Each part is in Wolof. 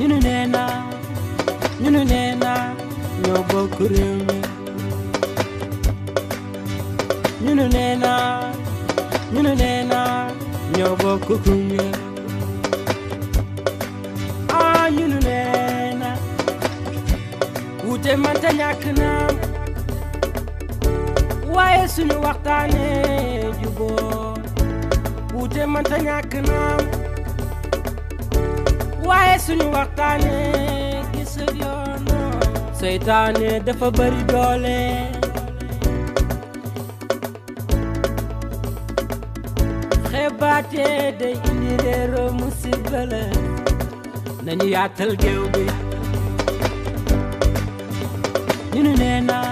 ñunu nee na ñunu nee na ñoo bokk réew mi ñunu nee na ñunu nee na ñoo bokk ah, nee na wuute mënta ñàkk na waaye suñu waxtaanee wuute mënta ñàkk naam waaye suñu waxtaane gisul yoon seytaane dafa bari doole xebaate day indi réeroo musiba la nañu yaatal géew bi ñu nu naa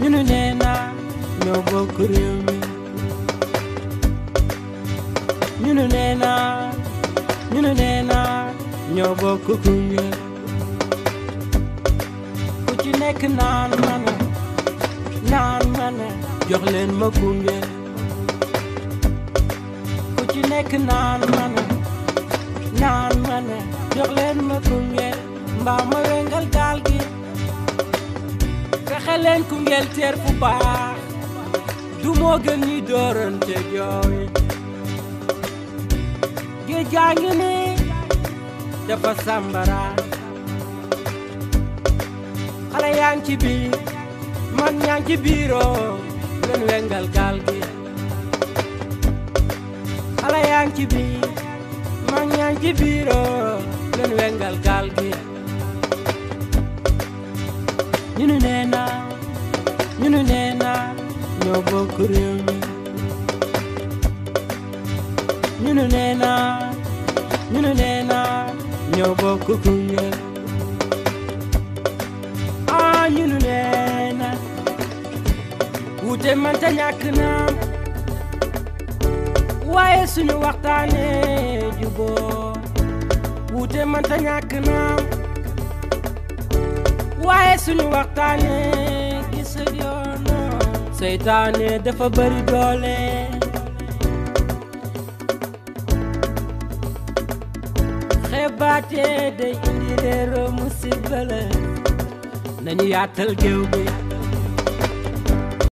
ñu nu naa ñoo bokk réew mi ñunu nee naa ñunu nee naa ñoo bokk gunge ku ci nekk naan ma ne naan ma ne jox leen ma gunge ku ci nekk naan ma ne naan ma ne jox leen ma gunge mbaa ma wengal gaal gi fexe leen ku teer fu baax du moo gën ñi doorante jooy géej gaa ngi ni dafa sambara xale yaa ci biir man ñaa ci biiroo leen wengal gaal gi xale yaa ci biir man ñaa ci biiroo leen wengal gaal gi ñunu nee na ñunu nee na ñoo bokk ñunu nee naa ñunu nee naa ñoo bokk Koungheul ah ñunu nee na wuute mënta ñàkk waaye suñu waxtaanee juboo wuute mënta ñàkk waaye suñu waxtaanee gis yoon seytaane dafa bari doole baatee day indi réeroo musiba la nañu yaatal géew